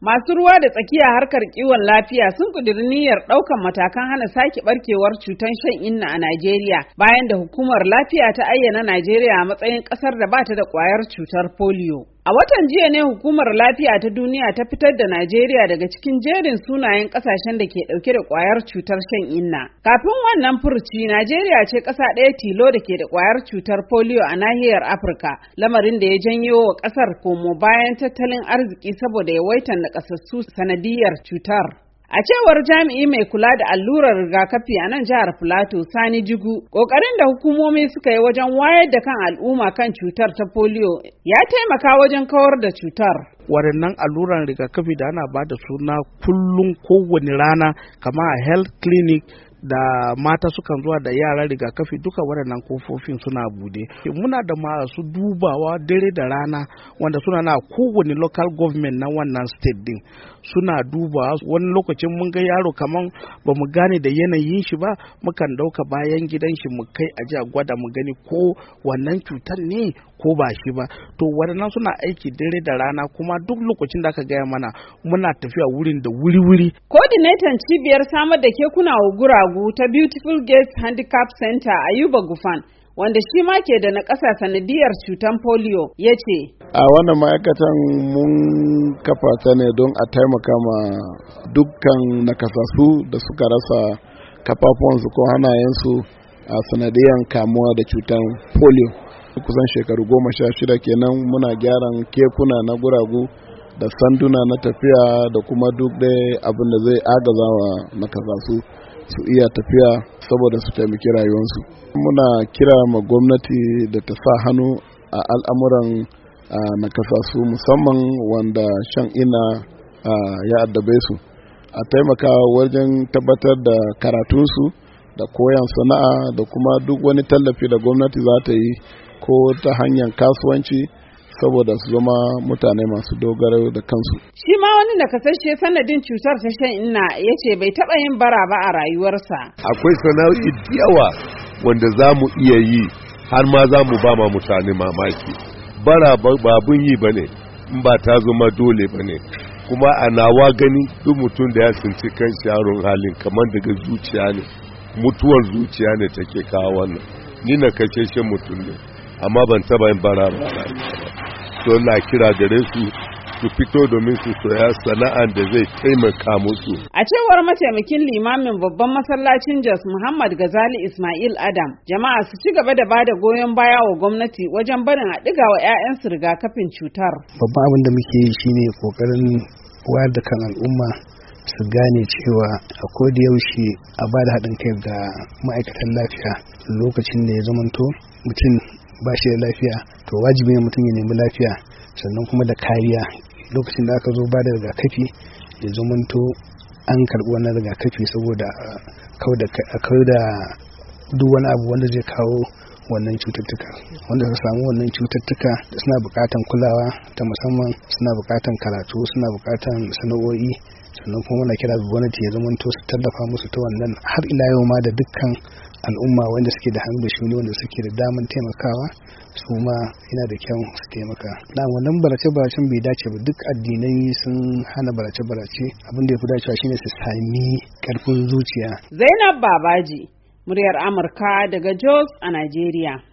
Masu ruwa da tsakiya harkar kiwon lafiya sun kudiri niyyar ɗaukan matakan hana sake barkewar cutar shan inna a Najeriya bayan da hukumar lafiya ta ayyana Najeriya a matsayin ƙasar da bata da ƙwayar cutar polio. A watan jiya ne hukumar lafiya ta duniya ta fitar da Najeriya daga cikin jerin sunayen kasashen da ke dauke da kwayar cutar shan inna. Kafin wannan furci, Najeriya ce kasa ɗaya tilo da ke da kwayar cutar polio a nahiyar Afirka, lamarin da ya janyo wa ƙasar komo bayan tattalin arziki saboda da nakasassu sanadiyar cutar. A cewar jami'i mai kula da allurar rigakafi a nan jihar Filato Sani Jigu, ƙoƙarin da hukumomi suka yi wajen wayar da kan al'umma kan cutar ta polio ya taimaka wajen kawar da cutar. waɗannan allurar rigakafi da ana ba da suna kullum kowane rana kama a health clinic da mata sukan zuwa da yara rigakafi duka waɗannan kofofin suna bude muna da masu dubawa dare da rana wanda suna na kowane local government na wannan state din suna dubawa wani lokacin mun ga yaro kaman ba mu gane da yanayin shi ba mukan dauka bayan gidan shi mu kai a gwada mu gani ko wannan cutar ne ko ba shi ba to waɗannan suna aiki dare da rana kuma duk lokacin da aka gaya mana muna tafiya wurin da wuri-wuri. Kodinatan cibiyar samar da kekuna wa guragu Abu ta Beautiful Gates Handicap Center Ayuba Gufan wanda shi ma ke da na ƙasa sanadiyar cutan polio ya ce. A wannan ma'aikatan mun kafa ta ne don a taimaka ma dukkan nakasasu da suka rasa kafafuwansu ko hannayensu a sanadiyar kamuwa da cutan polio. Kusan shekaru goma sha shida kenan muna gyaran kekuna na guragu da sanduna na tafiya da kuma duk abin da zai agaza wa nakasasu. su iya tafiya saboda su taimaki rayuwarsu muna kira ma gwamnati da ta sa hannu a al'amuran nakasasu musamman wanda shan ina ya addabe su a taimaka wajen tabbatar da karatunsu da koyan sana'a da kuma duk wani tallafi da gwamnati za ta yi ko ta hanyar kasuwanci saboda su zama mutane masu dogaro da kansu. Shi ma wani nakasashe sanadin cutar ta shan inna ya ce bai taɓa yin bara ba a rayuwarsa. Akwai sana'o'i yawa wanda za mu iya yi har ma za mu ba ma mutane mamaki. Bara babun yi ba in ba ta zama dole ba ne. Kuma a nawa gani duk mutum da ya tsinci kan sharon halin kamar daga zuciya ne, mutuwar zuciya ne take kawo wannan. Ni na kashe mutum ne, amma ban taba yin bara ba. to na kira gare su su fito domin su soya sana'an da zai taimaka musu. A cewar mataimakin limamin babban masallacin Jos Muhammad Gazali Ismail Adam, jama'a su ci gaba da ba da goyon baya wa gwamnati wajen barin a ɗiga wa 'ya'yansu rigakafin cutar. Babban abin da muke yi shine kokarin wayar da kan al'umma su gane cewa a da yaushe a ba da haɗin kai ga ma'aikatan lafiya lokacin da ya zamanto mutum ba shi da lafiya to wajibi ne mutum ya nemi lafiya sannan kuma da kariya lokacin da aka zo ba da rigakafi ya zamanto an karɓi wannan rigakafi saboda kau da duk wani abu wanda zai kawo wannan cututtuka wanda su samu wannan cututtuka suna bukatan kulawa ta musamman suna bukatan karatu suna bukatan sana'o'i sannan kuma muna kira gwamnati ya zama su tallafa musu ta wannan har ila yau ma da dukkan al'umma wanda suke da hannu da shuni wanda suke da daman taimakawa su ma yana da kyau su taimaka na wannan barace baracen bai dace ba duk addinai sun hana barace barace abin da ya fi dacewa shine su sami karfin zuciya zainab babaji muryar amurka daga jos a najeriya